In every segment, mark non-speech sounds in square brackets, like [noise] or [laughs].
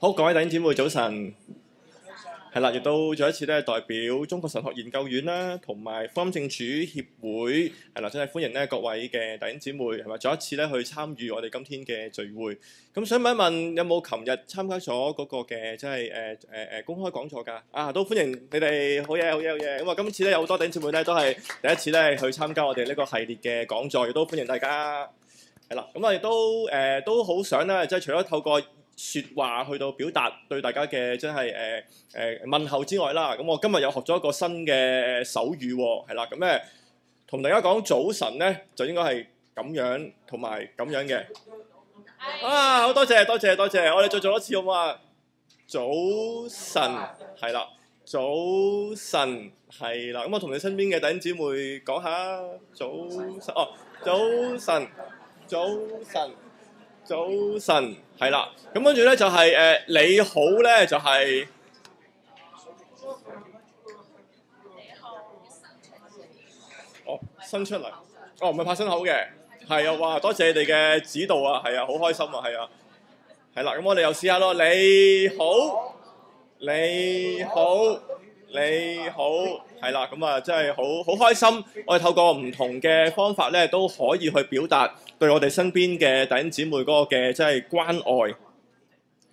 好，各位弟兄姊妹，早晨。係啦，亦都再一次咧，代表中國神學研究院啦，同埋福音證主協會，係啦，真係歡迎咧各位嘅弟兄姊妹，係咪？再一次咧去參與我哋今天嘅聚會。咁想問一問，有冇琴日參加咗嗰個嘅即係誒誒誒公開講座㗎？啊，都歡迎你哋，好嘢好嘢好嘢。咁啊，今次咧有好多弟兄姊妹咧都係第一次咧去參加我哋呢個系列嘅講座，亦都歡迎大家。係啦，咁我亦都誒都好想咧，即係除咗透過。說話去到表達對大家嘅真係誒誒問候之外啦，咁我今日又學咗一個新嘅手語喎，係啦，咁咧同大家講早晨咧就應該係咁樣同埋咁樣嘅。啊，好多謝多謝多謝，我哋再做一次好唔好啊？早晨係啦，早晨係啦，咁我同你身邊嘅弟兄姊妹講下。早晨哦，早晨，早晨。早晨，係啦，咁跟住咧就係誒你好咧，就係哦，伸出嚟，哦唔係拍胸口嘅，係啊，哇，多謝你哋嘅指導啊，係啊，好開心啊，係啊，係啦，咁我哋又試下咯，你好，你好，你好，係啦，咁啊真係好好開心，我哋透過唔同嘅方法咧都可以去表達。對我哋身邊嘅弟兄姊妹嗰個嘅即係關愛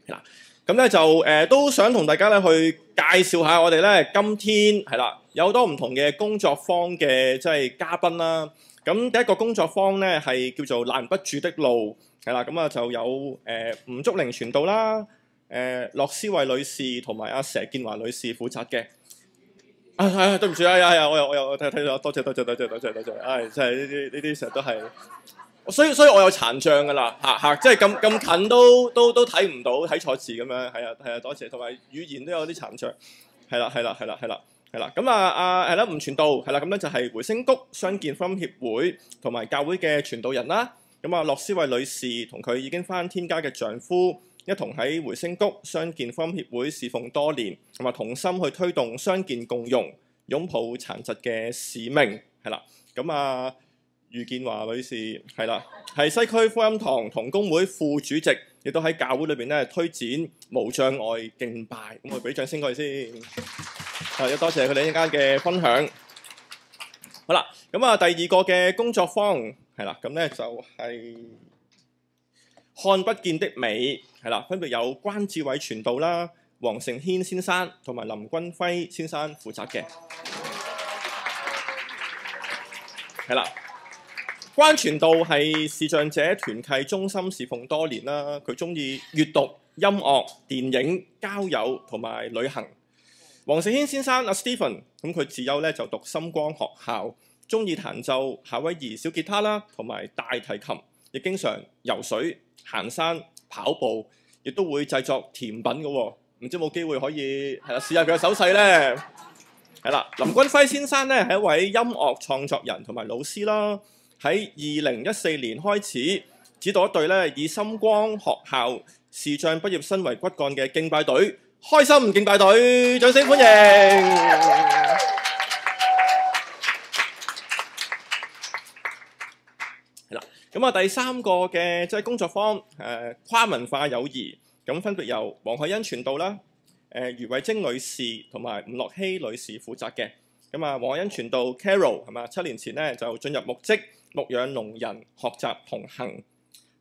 嗱，咁咧就誒都想同大家咧去介紹下我哋咧，今天係啦有好多唔同嘅工作坊嘅即係嘉賓啦。咁第一個工作坊咧係叫做攔不住的路，係啦，咁啊就有誒吳竹玲傳道啦，誒樂思慧女士同埋阿佘建華女士負責嘅。啊，對唔住啊，又又我又我又睇睇咗，多謝多謝多謝多謝多謝，啊，真係呢啲呢啲成日都係。所以，所以我有殘障噶啦，嚇、啊、嚇，即係咁咁近都都都睇唔到睇錯字咁樣，係啊係啊，多謝，同埋語言都有啲殘障，係啦係啦係啦係啦係啦。咁啊啊係啦，吳傳、啊啊啊啊、道係啦，咁咧、啊、就係回聲谷傷健福音協會同埋教會嘅傳道人啦。咁啊，洛斯惠女士同佢已經翻天家嘅丈夫一同喺回聲谷傷健福音協會侍奉多年，同埋同心去推動傷健共融、擁抱殘疾嘅使命，係啦。咁啊。余建華女士係啦，係西區福音堂同工會副主席，亦都喺教會裏邊咧推展無障礙敬拜。我俾掌聲過去先，啊，要多謝佢哋一陣間嘅分享。好啦，咁啊，第二個嘅工作坊係啦，咁咧就係看不見的美係啦，分別有關志偉傳道啦、黃成軒先生同埋林君輝先生負責嘅，係啦。關傳道係視障者團契中心侍奉多年啦，佢中意閱讀、音樂、電影、交友同埋旅行。黃世軒先生阿 Stephen，咁佢自幼咧就讀心光學校，中意彈奏夏威夷小吉他啦，同埋大提琴，亦經常游水、行山、跑步，亦都會製作甜品嘅。唔知道有冇機會可以係啦試下佢嘅手勢咧？係啦，林君輝先生咧係一位音樂創作人同埋老師啦。喺二零一四年開始指導一隊咧，以心光學校視障畢業生為骨幹嘅敬拜隊，開心敬拜隊，掌聲歡迎！嗱，咁啊，第三個嘅即係工作坊誒跨文化友誼，咁分別由黃海欣傳道啦，誒余慧晶女士同埋吳樂希女士負責嘅。咁啊，黃海欣傳道 Carol 係嘛，七年前咧就進入牧職。牧養聾人學習同行，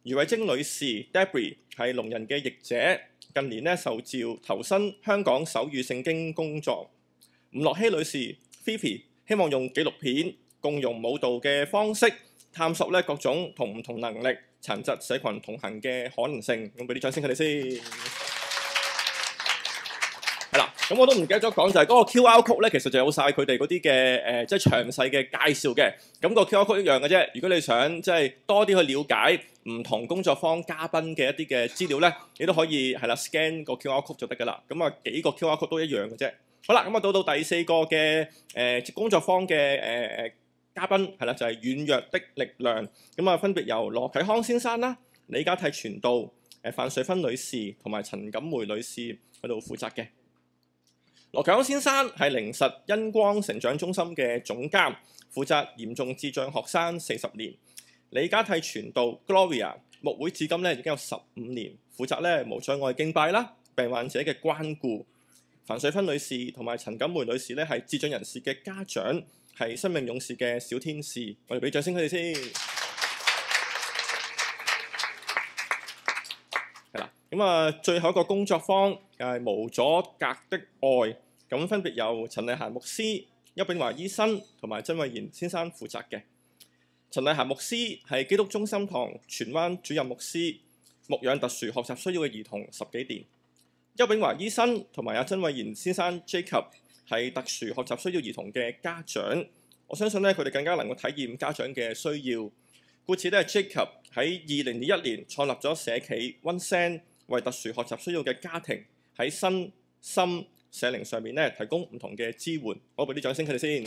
余偉晶女士 Debbie 係聾人嘅譯者，近年咧受召投身香港手語聖經工作。吳樂希女士 Phoebe 希望用紀錄片共用舞蹈嘅方式，探索咧各種同唔同能力殘疾社群同行嘅可能性。咁俾啲掌聲佢哋先。咁我都唔記得咗講就係嗰個 QR Code 咧，其實就有曬佢哋嗰啲嘅誒，即係詳細嘅介紹嘅。咁個 QR Code 一樣嘅啫。如果你想即係多啲去了解唔同工作坊嘉賓嘅一啲嘅資料咧，你都可以係啦，scan 個 QR Code 就得噶啦。咁啊幾個 QR Code 都一樣嘅啫。好啦，咁啊到到第四個嘅誒工作坊嘅誒嘉賓係啦，就係軟弱的力量。咁啊分別由羅啟康先生啦、李家泰傳道、誒范瑞芬女士同埋陳錦梅女士喺度負責嘅。羅強先生係靈實恩光成長中心嘅總監，負責嚴重智障學生四十年。李家替傳道 Gloria，牧會至今咧已經有十五年，負責咧無障礙敬拜啦，病患者嘅關顧。樊瑞芬女士同埋陳錦梅女士咧係智障人士嘅家長，係生命勇士嘅小天使，我哋俾掌聲佢哋先。咁啊，最後一個工作坊係、啊、無阻隔的愛，咁分別由陳麗霞牧師、邱炳華醫生同埋曾慧賢先生負責嘅。陳麗霞牧師係基督中心堂荃灣主任牧師，牧養特殊學習需要嘅兒童十幾年。邱炳華醫生同埋阿曾慧賢先生 Jacob 係特殊學習需要兒童嘅家長，我相信咧佢哋更加能夠體驗家長嘅需要，故此咧 Jacob 喺二零二一年創立咗社企 One Cent, 為特殊學習需要嘅家庭喺身心社靈上面咧，提供唔同嘅支援。我俾啲掌聲佢哋先。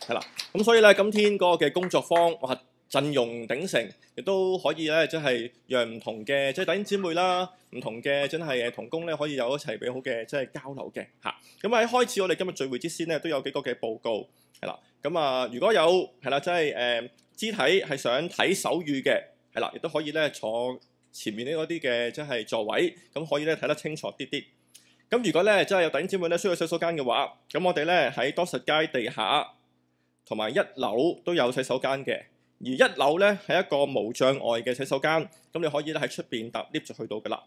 係啦，咁所以咧，今天嗰個嘅工作坊哇，陣容鼎盛，亦都可以咧，即係讓唔同嘅即係弟兄姊妹啦，唔同嘅即係誒同工咧，可以有一齊美好嘅即係交流嘅吓。咁啊，喺開始我哋今日聚會之先咧，都有幾個嘅報告。係啦，咁啊，如果有係啦，即係誒肢體係想睇手語嘅。係啦，亦都可以咧坐前面啲嗰啲嘅，即係座位，咁可以咧睇得清楚啲啲。咁如果咧即係有弟兄姊妹咧需要洗手間嘅話，咁我哋咧喺多實街地下同埋一樓都有洗手間嘅。而一樓咧係一個無障礙嘅洗手間，咁你可以咧喺出邊搭 lift 就去到㗎啦。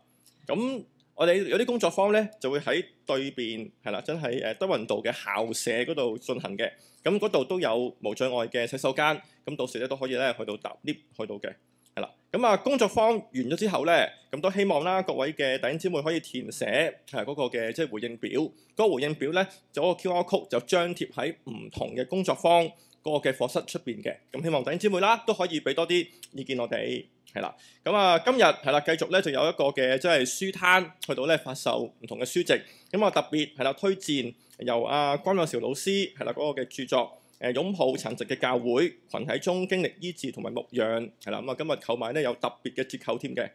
咁我哋有啲工作坊咧就會喺對邊，係啦，真係誒德雲道嘅校舍嗰度進行嘅。咁嗰度都有無障礙嘅洗手間，咁到時咧都可以咧去到搭 lift 去到嘅。係啦，咁啊工作坊完咗之後咧，咁都希望啦各位嘅弟兄姊妹可以填寫係嗰個嘅即係回應表，嗰、嗰個回應表咧，就是、個 QR code 就張貼喺唔同嘅工作坊嗰個嘅課室出邊嘅。咁希望弟兄姊妹啦都可以俾多啲意見我哋係啦，咁啊今日係啦繼續咧就有一個嘅即係書攤去到咧發售唔同嘅書籍，咁啊特別係啦推薦由阿、啊、關韻韶老師係啦嗰個嘅著作。誒，擁抱殘疾嘅教會，羣體中經歷醫治同埋牧養，係啦，咁啊今日購買咧有特別嘅折扣添嘅。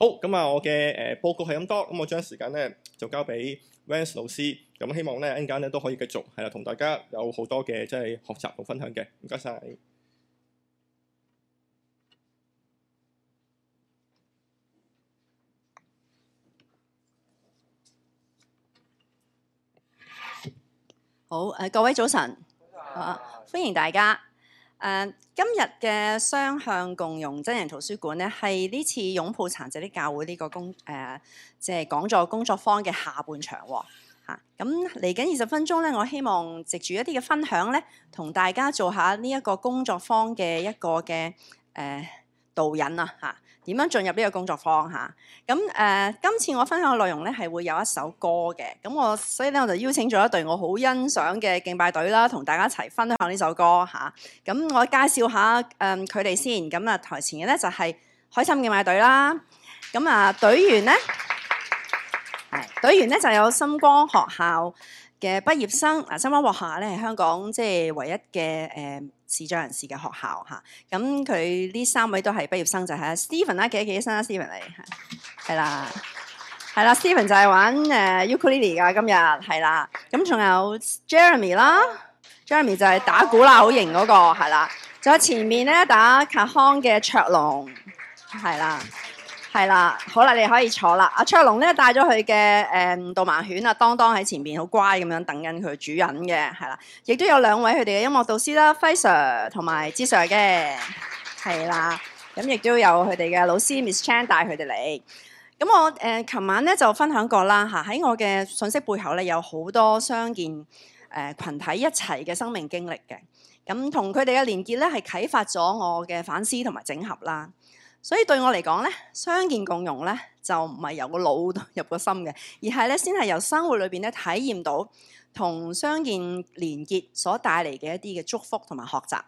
好咁啊，我嘅誒報告係咁多，咁我將時間咧就交俾 Vance 老師。咁希望咧一陣間咧都可以繼續係啦，同大家有好多嘅即係學習同分享嘅。唔該曬。好，誒，各位早晨。啊！歡迎大家。誒、啊，今日嘅雙向共融真人圖書館咧，係呢次擁抱殘疾的教會呢個工誒，即係講座工作坊嘅下半場。嚇、啊，咁嚟緊二十分鐘咧，我希望藉住一啲嘅分享咧，同大家做下呢一個工作坊嘅一個嘅誒、啊、導引啊，嚇、啊。點樣進入呢個工作坊？嚇？咁、呃、誒，今次我分享嘅內容咧係會有一首歌嘅。咁我所以咧我就邀請咗一隊我好欣賞嘅敬拜隊啦，同大家一齊分享呢首歌嚇。咁我介紹下誒佢哋先。咁啊台前嘅咧就係海心敬拜隊啦。咁啊隊員咧，隊員咧 [laughs] 就有心光學校。嘅畢業生，嗱，新光學校咧係香港即係、就是、唯一嘅誒、呃、視障人士嘅學校嚇，咁佢呢三位都係畢業生就係、是啊、Steven 啦、啊，幾得幾多啊 Steven 嚟、啊，係啦、啊，係 [laughs] 啦、啊，Steven 就係玩誒 Ukulele 噶，今日係啦，咁仲、啊、有 Jeremy 啦、啊，Jeremy 就係打鼓啦，好型嗰個係啦，仲、啊、有前面咧打卡康嘅卓龍係啦。 [laughs] 係啦，好啦，你可以坐啦。阿卓龍咧帶咗佢嘅誒導盲犬啊，當當喺前邊好乖咁樣等緊佢主人嘅，係啦。亦都有兩位佢哋嘅音樂導師啦，輝 Sir 同埋芝 Sir 嘅，係啦。咁亦都有佢哋嘅老師 Miss Chan 帶佢哋嚟。咁我誒琴、呃、晚咧就分享過啦吓，喺我嘅信息背後咧有好多傷健誒、呃、群體一齊嘅生命經歷嘅，咁同佢哋嘅連結咧係啟發咗我嘅反思同埋整合啦。所以對我嚟講咧，傷健共融咧就唔係由個腦入個心嘅，而係咧先係由生活裏邊咧體驗到同傷健連結所帶嚟嘅一啲嘅祝福同埋學習。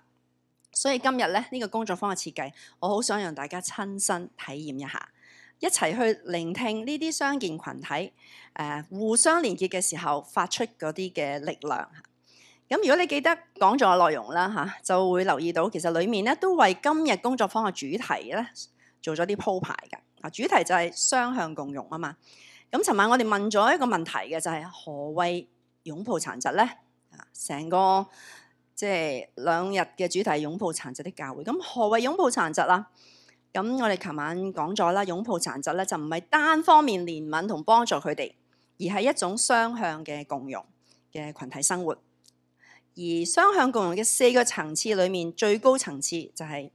所以今日咧呢、這個工作坊嘅設計，我好想讓大家親身體驗一下，一齊去聆聽呢啲傷健群體誒、呃、互相連結嘅時候發出嗰啲嘅力量。咁如果你記得講座內容啦，嚇就會留意到其實裡面咧都為今日工作坊嘅主題咧做咗啲鋪排㗎。啊，主題就係雙向共融啊嘛。咁尋晚我哋問咗一個問題嘅就係、是、何謂擁抱殘疾咧？啊，成個即係兩日嘅主題係擁抱殘疾的教會。咁何謂擁抱殘疾啦？咁我哋尋晚講咗啦，擁抱殘疾咧就唔係單方面憐憫同幫助佢哋，而係一種雙向嘅共融嘅群體生活。而雙向共融嘅四個層次裏面，最高層次、就係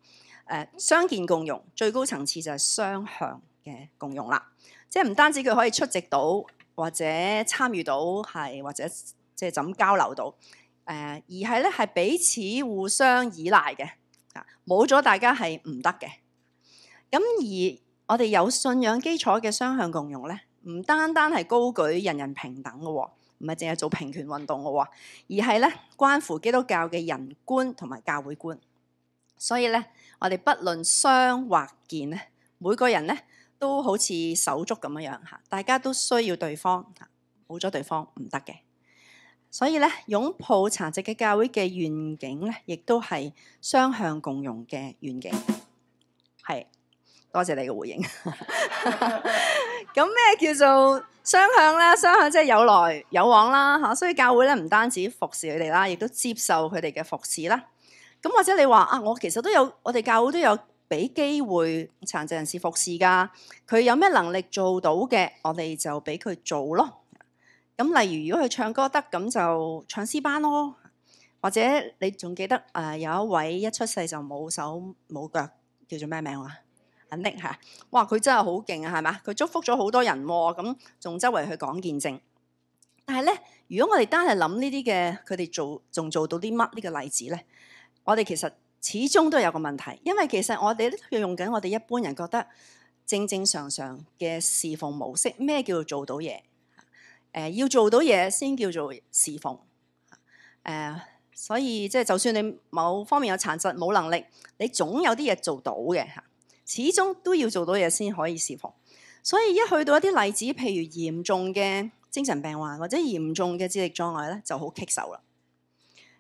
呃，最高層次就係誒相見共融，最高層次就係雙向嘅共融啦。即係唔單止佢可以出席到或者參與到，係或者即係怎交流到誒、呃，而係咧係彼此互相依賴嘅啊，冇咗大家係唔得嘅。咁而我哋有信仰基礎嘅雙向共融咧，唔單單係高舉人人平等嘅喎、哦。唔係淨係做平權運動嘅喎，而係咧關乎基督教嘅人觀同埋教會觀。所以咧，我哋不論傷或健咧，每個人咧都好似手足咁樣樣嚇，大家都需要對方嚇，冇咗對方唔得嘅。所以咧，擁抱殘疾嘅教會嘅願景咧，亦都係雙向共融嘅願景。係，多謝你嘅回應。 [laughs] 咁咩叫做雙向啦？雙向即係有來有往啦，所以教會咧唔單止服侍佢哋啦，亦都接受佢哋嘅服侍啦。咁或者你話啊，我其實都有我哋教會都有俾機會殘疾人士服侍㗎。佢有咩能力做到嘅，我哋就俾佢做咯。咁例如如果佢唱歌得，咁就唱詩班咯。或者你仲記得、呃、有一位一出世就冇手冇腳叫做咩名話？吓哇！佢真係好勁啊，係嘛？佢祝福咗好多人咁，仲周圍去講見證。但係咧，如果我哋單係諗呢啲嘅，佢哋做仲做到啲乜呢？個例子咧？我哋其實始終都有個問題，因為其實我哋都要用緊我哋一般人覺得正正常常嘅侍奉模式。咩叫做做到嘢？誒、呃，要做到嘢先叫做侍奉誒、呃。所以即係，就算你某方面有殘疾冇能力，你總有啲嘢做到嘅吓。始終都要做到嘢先可以侍奉，所以一去到一啲例子，譬如嚴重嘅精神病患或者嚴重嘅智力障礙咧，就好棘手啦。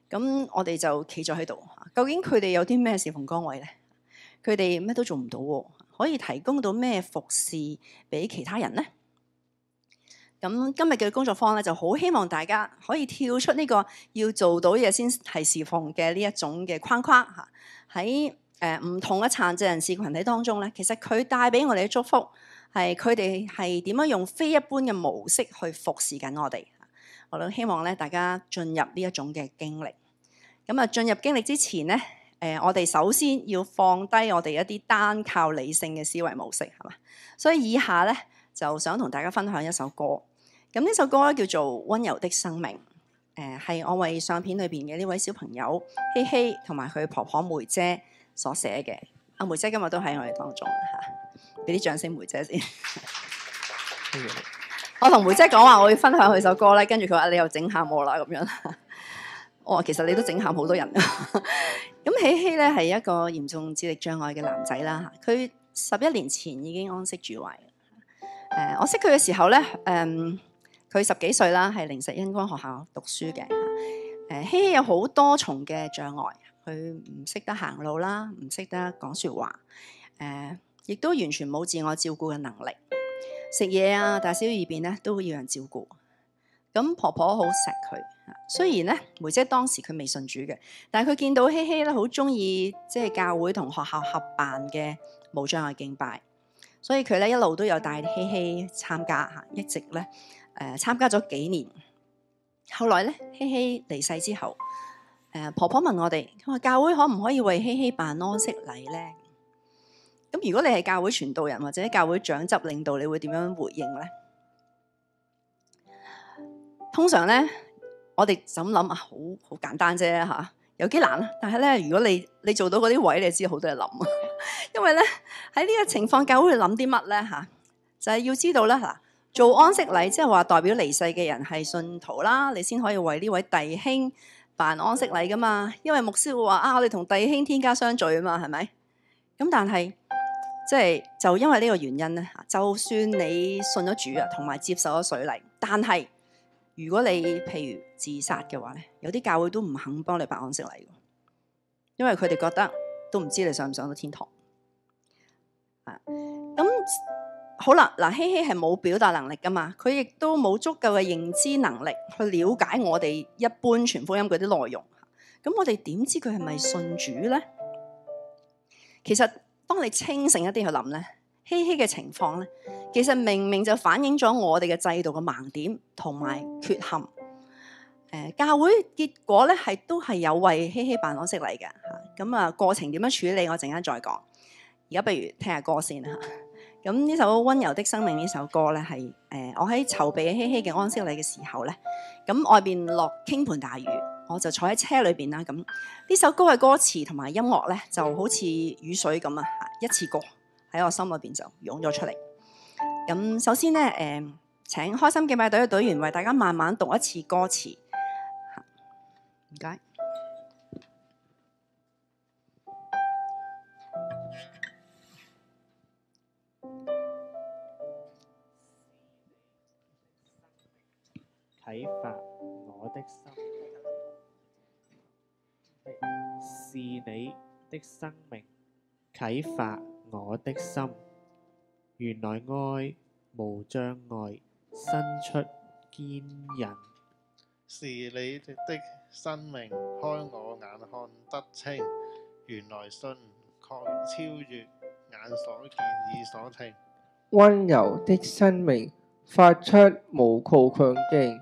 咁我哋就企咗喺度，究竟佢哋有啲咩侍奉崗位咧？佢哋咩都做唔到喎，可以提供到咩服侍俾其他人咧？咁今日嘅工作坊咧，就好希望大家可以跳出呢個要做到嘢先係侍奉嘅呢一種嘅框框嚇，喺，誒，唔同嘅殘疾人士群體當中咧，其實佢帶俾我哋嘅祝福係佢哋係點樣用非一般嘅模式去服侍緊我哋。我都希望咧，大家進入呢一種嘅經歷。咁啊，進入經歷之前咧，誒，我哋首先要放低我哋一啲單靠理性嘅思維模式，係嘛？所以以下咧就想同大家分享一首歌。咁呢首歌咧叫做《溫柔的生命》，誒係我為相片裏邊嘅呢位小朋友希希同埋佢婆婆梅姐。所寫嘅。阿梅姐今日都喺我哋當中嚇，俾啲掌聲梅姐先。謝謝。我同梅姐講話，我要分享佢首歌咧，跟住佢話你又整喊我啦咁樣。我、哦、話其實你都整喊好多人。咁、 [laughs] 嗯、希希咧係一個嚴重智力障礙嘅男仔啦嚇，佢十一年前已經安息主懷。誒、呃，我識佢嘅時候咧，誒、呃，佢十幾歲啦，係靈實恩光學校讀書嘅。誒、呃，希希有好多重嘅障礙。佢唔識得行路啦，唔識得講說話，誒、呃，亦都完全冇自我照顧嘅能力，食嘢啊、大小二便咧都要人照顧。咁婆婆好錫佢，雖然咧梅姐當時佢未信主嘅，但係佢見到希希咧好鍾意，即係教會同學校合辦嘅無障礙敬拜，所以佢咧一路都有帶希希參加嚇，一直咧誒參加咗、呃、幾年。後來咧希希離世之後。誒，婆婆問我哋，佢話教會可唔可以為希希辦安息禮咧？咁如果你係教會傳道人或者教會長執領導，你會點樣回應咧？通常咧，我哋就咁諗啊，好好簡單啫吓，有幾難啊？但係咧，如果你你做到嗰啲位，你就知好多嘢諗啊。因為咧喺呢個情況，教會諗啲乜咧吓？就係要知道啦，嗱，做安息禮即係話代表離世嘅人係信徒啦，你先可以為呢位弟兄。辦安息禮噶嘛，因為牧師會話啊，我哋同弟兄天家相聚啊嘛，係咪？咁但係即係就因為呢個原因咧，就算你信咗主啊，同埋接受咗水禮，但係如果你譬如自殺嘅話咧，有啲教會都唔肯幫你辦安息禮嘅，因為佢哋覺得都唔知你上唔上到天堂咁、啊嗯好啦，嗱，希希係冇表達能力噶嘛，佢亦都冇足夠嘅認知能力去了解我哋一般全福音嗰啲內容。咁我哋點知佢係咪信主咧？其實當你清醒一啲去諗咧，希希嘅情況咧，其實明明就反映咗我哋嘅制度嘅盲點同埋缺陷。誒、呃，教會結果咧，係都係有為希希辦攞息嚟嘅嚇。咁啊，啊，過程點樣處理，我陣間再講。而家不如聽下歌先嚇。啊咁呢首《温柔的生命》呢首歌咧，係誒、呃、我喺籌備的希希嘅安息禮嘅時候咧，咁、呃、外邊落傾盆大雨，我就坐喺車裏邊啦。咁、啊、呢首歌嘅歌詞同埋音樂咧，就好似雨水咁啊，一次過喺我心裏邊就湧咗出嚟。咁、啊、首先咧誒、呃，請開心敬拜隊嘅隊員為大家慢慢讀一次歌詞。唔、啊、該。謝謝啟發我的心，是你的生命啟發我的心。原來愛無障礙，伸出堅忍。是你的生命開我眼看得清，原來信確超越眼所見耳所聽。溫柔的生命發出無窮強勁。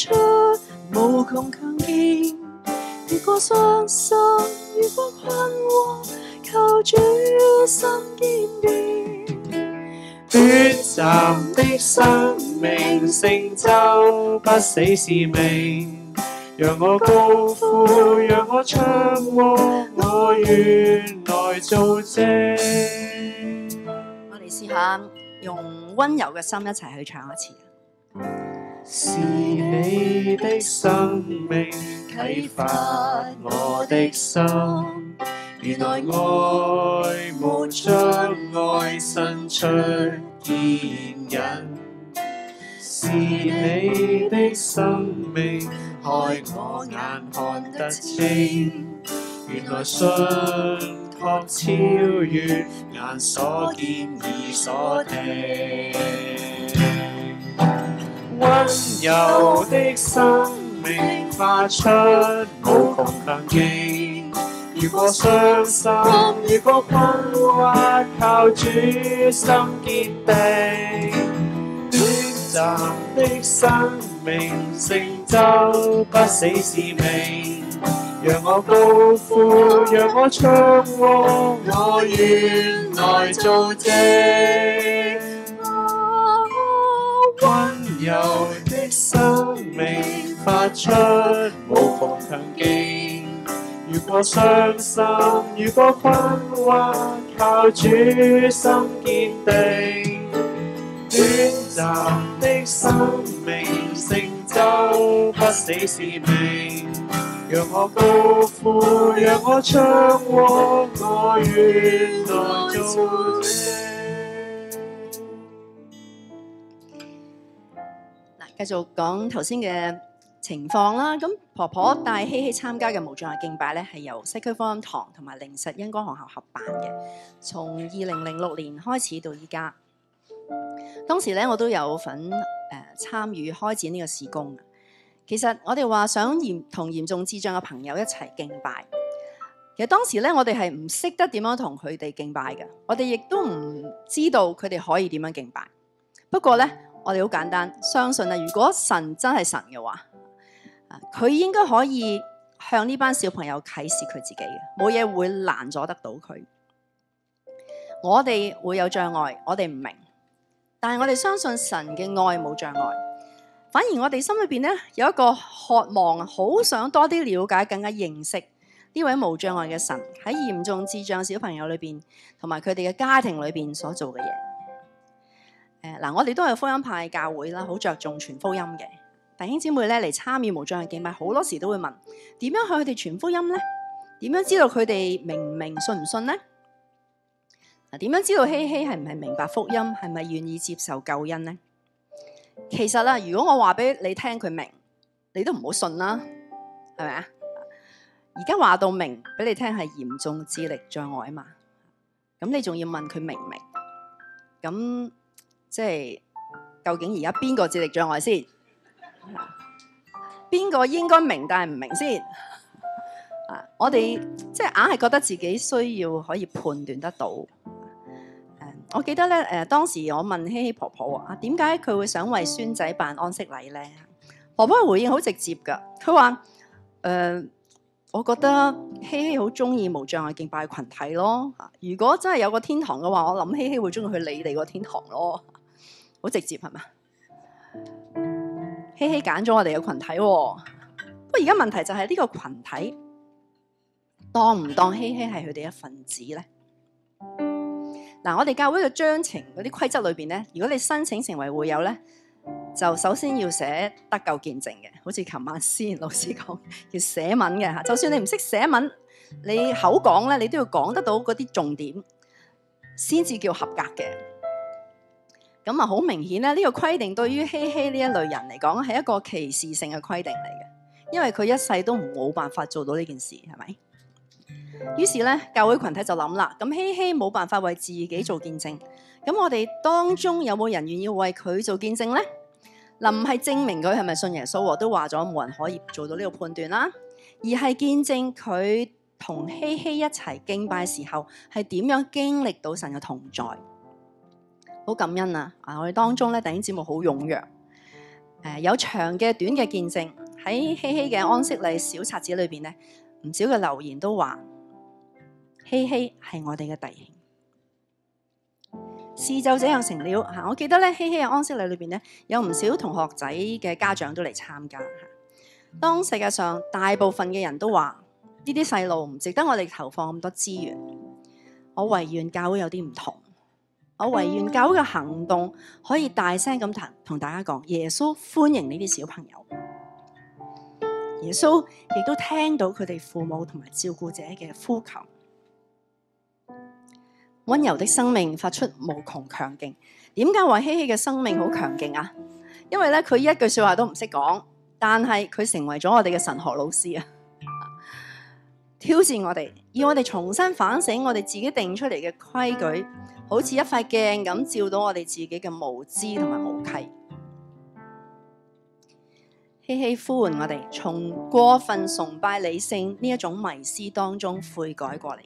出無窮強健，越過傷心，越過困惑，求主心堅定。短暫的生命，成就不死是命。讓我高呼，讓我唱詠，我願來做證。我哋試下用温柔嘅心一齊去唱一次。是你的生命啟發我的心，原來愛無障礙，伸出牽引。是你的生命開我眼看得清，原來信託超越眼所見耳所聽。溫柔的生命發出無窮強勁。如果傷心，如果困惑，靠主心堅定。短暫的生命，成就不死使命。讓我高呼，讓我唱和，我願來做證。柔的生命發出無窮強勁，越過傷心越過困惑，或靠主心堅定。短暫的生命成就不死使命，讓我高呼，讓我唱和，我願來做繼續講頭先嘅情況啦。咁婆婆帶希希參加嘅無障礙敬拜咧，係由西區福音堂同埋靈實恩光學校合辦嘅。從二零零六年開始到依家，當時咧我都有份誒參與開展呢個事工。其實我哋話想嚴同嚴重智障嘅朋友一齊敬拜。其實當時咧我哋係唔識得點樣同佢哋敬拜嘅，我哋亦都唔知道佢哋可以點樣敬拜。不過咧。我哋好簡單，相信啊！如果神真係神嘅話，佢應該可以向呢班小朋友啟示佢自己嘅，冇嘢會攔阻得到佢。我哋會有障礙，我哋唔明，但係我哋相信神嘅愛冇障礙。反而我哋心裏邊咧有一個渴望，好想多啲了解、更加認識呢位冇障礙嘅神喺嚴重智障小朋友裏邊，同埋佢哋嘅家庭裏邊所做嘅嘢。誒，嗱，我哋都係福音派教會啦，好着重傳福音嘅。弟兄姊妹咧嚟參與無障嘅記，咪好多時都會問，點樣向佢哋傳福音咧？點樣知道佢哋明唔明、信唔信咧？嗱，點樣知道希希係唔係明白福音、係咪願意接受救恩咧？其實啊，如果我話俾你聽佢明，你都唔好信啦，係咪啊？而家話到明俾你聽係嚴重智力障礙啊嘛，咁你仲要問佢明唔明？咁。即係究竟而家邊個智力障礙先？邊個應該明但係唔明先？啊，我哋即係硬係覺得自己需要可以判斷得到。誒，我記得咧，誒，當時我問希希婆婆啊，點解佢會想為孫仔辦安息禮咧？婆婆嘅回應好直接噶，佢話：誒、呃，我覺得希希好中意無障礙敬拜群體咯。如果真係有個天堂嘅話，我諗希希會中意去你哋個天堂咯。好直接係嘛？希希揀咗我哋嘅群體，不過而家問題就係呢個群體當唔當希希係佢哋一份子咧？嗱，我哋教會嘅章程嗰啲規則裏邊咧，如果你申請成為會友咧，就首先要寫得夠見證嘅，好似琴晚思賢老師講要寫文嘅嚇，就算你唔識寫文，你口講咧，你都要講得到嗰啲重點，先至叫合格嘅。咁啊，好明顯咧，呢個規定對於希希呢一類人嚟講，係一個歧視性嘅規定嚟嘅。因為佢一世都冇辦法做到呢件事，係咪？於是咧，教會群體就諗啦。咁希希冇辦法為自己做見證，咁我哋當中有冇人願意為佢做見證呢？嗱，唔係證明佢係咪信耶穌，我都話咗冇人可以做到呢個判斷啦，而係見證佢同希希一齊敬拜時候，係點樣經歷到神嘅同在。好感恩啊！我哋當中咧，弟兄姊妹好踴躍，誒、呃、有長嘅、短嘅見證。喺希希嘅安息禮小冊子裏邊咧，唔少嘅留言都話：希希係我哋嘅弟兄。事就這樣成了。吓，我記得咧，希希嘅安息禮裏邊咧，有唔少同學仔嘅家長都嚟參加。當世界上大部分嘅人都話呢啲細路唔值得我哋投放咁多資源，我唯願教會有啲唔同。我維園教會嘅行動可以大聲咁同同大家講，耶穌歡迎呢啲小朋友。耶穌亦都聽到佢哋父母同埋照顧者嘅呼求，温柔的生命發出無窮強勁。點解話希希嘅生命好強勁啊？因為咧，佢一句說話都唔識講，但係佢成為咗我哋嘅神學老師啊！挑戰我哋，要我哋重新反省我哋自己定出嚟嘅規矩，好似一塊鏡咁照到我哋自己嘅無知同埋無稽。希希呼喚我哋，從過分崇拜理性呢一種迷思當中悔改過嚟。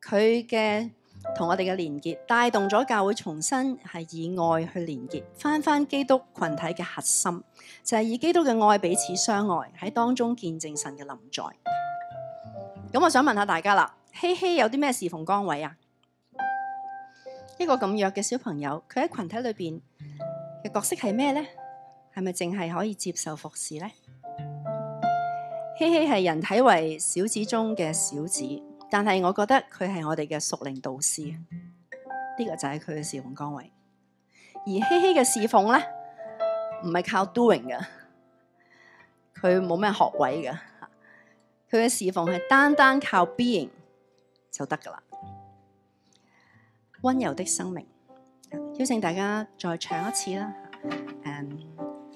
佢嘅。同我哋嘅連結，帶動咗教會重新係以愛去連結，返返基督群體嘅核心，就係、是、以基督嘅愛彼此相愛，喺當中見證神嘅臨在。咁、嗯、我想問下大家啦，希希有啲咩侍奉崗位啊？一個咁弱嘅小朋友，佢喺群體裏邊嘅角色係咩咧？係咪淨係可以接受服侍咧？希希係人體為小子中嘅小子。但係，我覺得佢係我哋嘅屬靈導師，呢個就係佢嘅侍奉崗位。而希希嘅侍奉咧，唔係靠 doing 嘅，佢冇咩學位嘅，佢嘅侍奉係單單靠 being 就得㗎喇。溫柔的生命，邀請大家再唱一次啦。誒，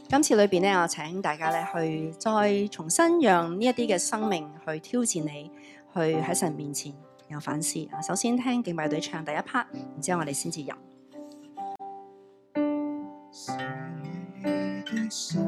今次裏邊咧，我請大家咧去再重新讓呢一啲嘅生命去挑戰你。去喺神面前有反思。首先聽敬拜隊唱第一 part，然之後我哋先至入。 [music]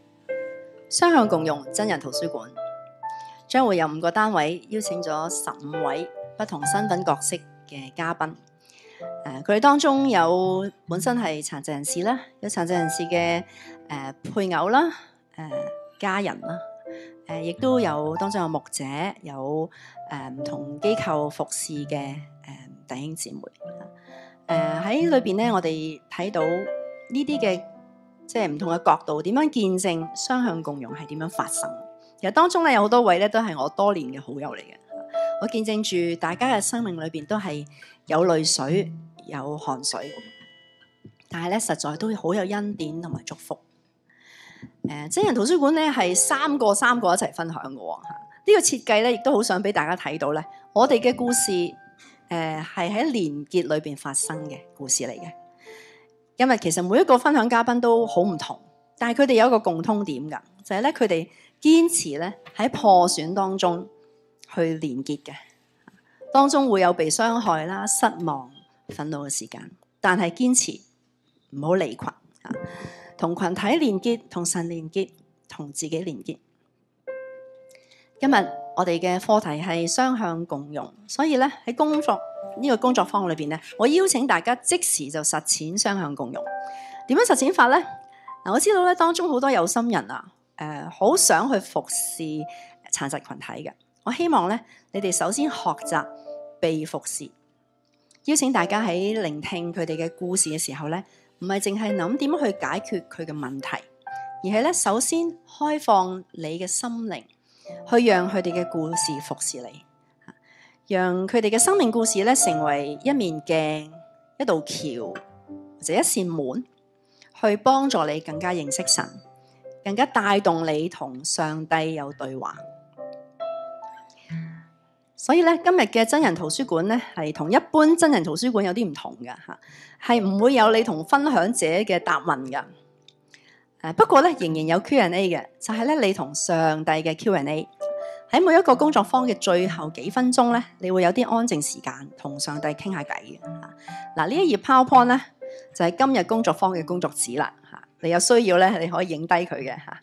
雙向共用真人圖書館，將會有五個單位邀請咗十五位不同身份角色嘅嘉賓。誒、呃，佢哋當中有本身係殘疾人士啦，有殘疾人士嘅誒、呃、配偶啦，誒、呃、家人啦，誒、呃，亦都有當中有牧者，有誒唔、呃、同機構服侍嘅誒弟兄姊妹。誒、呃、喺裏邊呢，我哋睇到呢啲嘅。即係唔同嘅角度，點樣見證雙向共融係點樣發生？其實當中咧有好多位咧都係我多年嘅好友嚟嘅，我見證住大家嘅生命裏邊都係有淚水、有汗水，但係咧實在都好有恩典同埋祝福。誒、呃，真人圖書館咧係三個三個一齊分享嘅，這個、設計呢個設計咧亦都好想俾大家睇到咧。我哋嘅故事誒係喺連結裏邊發生嘅故事嚟嘅。因為其實每一個分享嘉賓都好唔同，但係佢哋有一個共通點噶，就係咧佢哋堅持咧喺破損當中去連結嘅，當中會有被傷害啦、失望、憤怒嘅時間，但係堅持唔好離群，同群體連結、同神連結、同自己連結。今日我哋嘅課題係雙向共融，所以咧喺工作。呢、這個工作坊裏邊咧，我邀請大家即時就實踐雙向共融。點樣實踐法呢？嗱，我知道咧，當中好多有心人啊，誒、呃，好想去服侍殘疾群體嘅。我希望咧，你哋首先學習被服侍。邀請大家喺聆聽佢哋嘅故事嘅時候咧，唔係淨係諗點去解決佢嘅問題，而係咧首先開放你嘅心靈，去讓佢哋嘅故事服侍你。讓佢哋嘅生命故事咧，成為一面鏡、一道橋或者一扇門，去幫助你更加認識神，更加帶動你同上帝有對話。所以咧，今日嘅真人圖書館咧，係同一般真人圖書館有啲唔同嘅吓，係唔會有你同分享者嘅答問嘅。誒，不過咧，仍然有 Q&A 嘅，就係咧，你同上帝嘅 Q&A。喺每一個工作坊嘅最後幾分鐘咧，你會有啲安靜時間同上帝傾下偈嘅。嗱，呢一頁 PowerPoint 咧就係今日工作坊嘅工作紙啦。吓，你有需要咧，你可以影低佢嘅吓。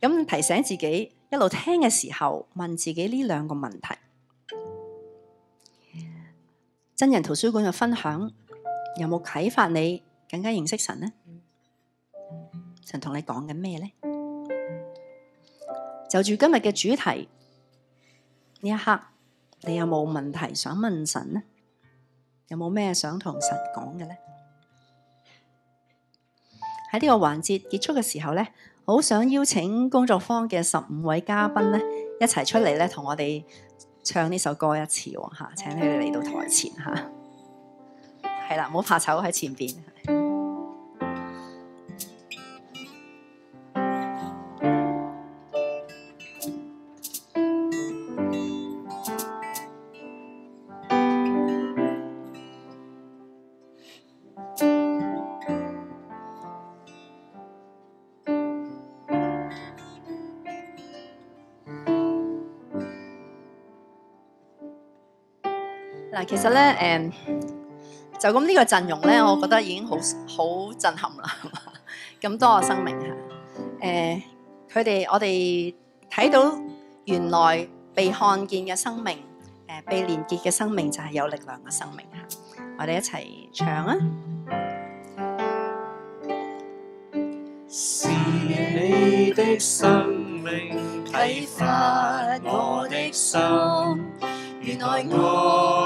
咁提醒自己一路聽嘅時候，問自己呢兩個問題：真人圖書館嘅分享有冇啟發你，更加認識神咧？神同你講緊咩咧？就住今日嘅主題。呢一刻，你有冇問題想問神呢？有冇咩想同神講嘅呢？喺呢個環節結束嘅時候咧，好想邀請工作坊嘅十五位嘉賓咧，一齊出嚟咧，同我哋唱呢首歌一次喎吓，請你哋嚟到台前吓，係啦，唔好怕醜喺前邊。嗱，其實咧，誒，就咁呢個陣容咧，我覺得已經好好震撼啦。咁多個生命嚇，誒，佢哋我哋睇到原來被看見嘅生命，誒，被連結嘅生命就係有力量嘅生命嚇。我哋一齊唱啊！是你的生命啟發我的心，原來我。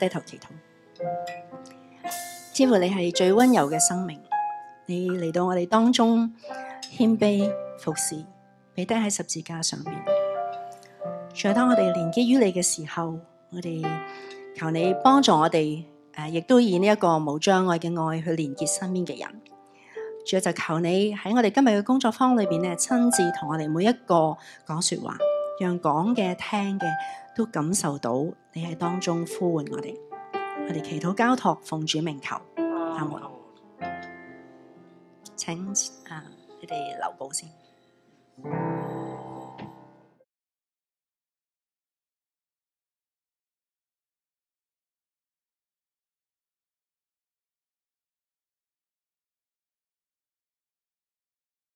低頭祈禱，似乎你係最溫柔嘅生命，你嚟到我哋當中謙卑服侍，被釘喺十字架上面。仲有，當我哋連接於你嘅時候，我哋求你幫助我哋，誒，亦都以呢一個無障礙嘅愛去連結身邊嘅人。仲有就求你喺我哋今日嘅工作坊裏邊咧，親自同我哋每一個講說話，讓講嘅聽嘅。都感受到你喺當中呼喚我哋，我哋祈禱交托奉主名求，阿門，請啊你哋留步先。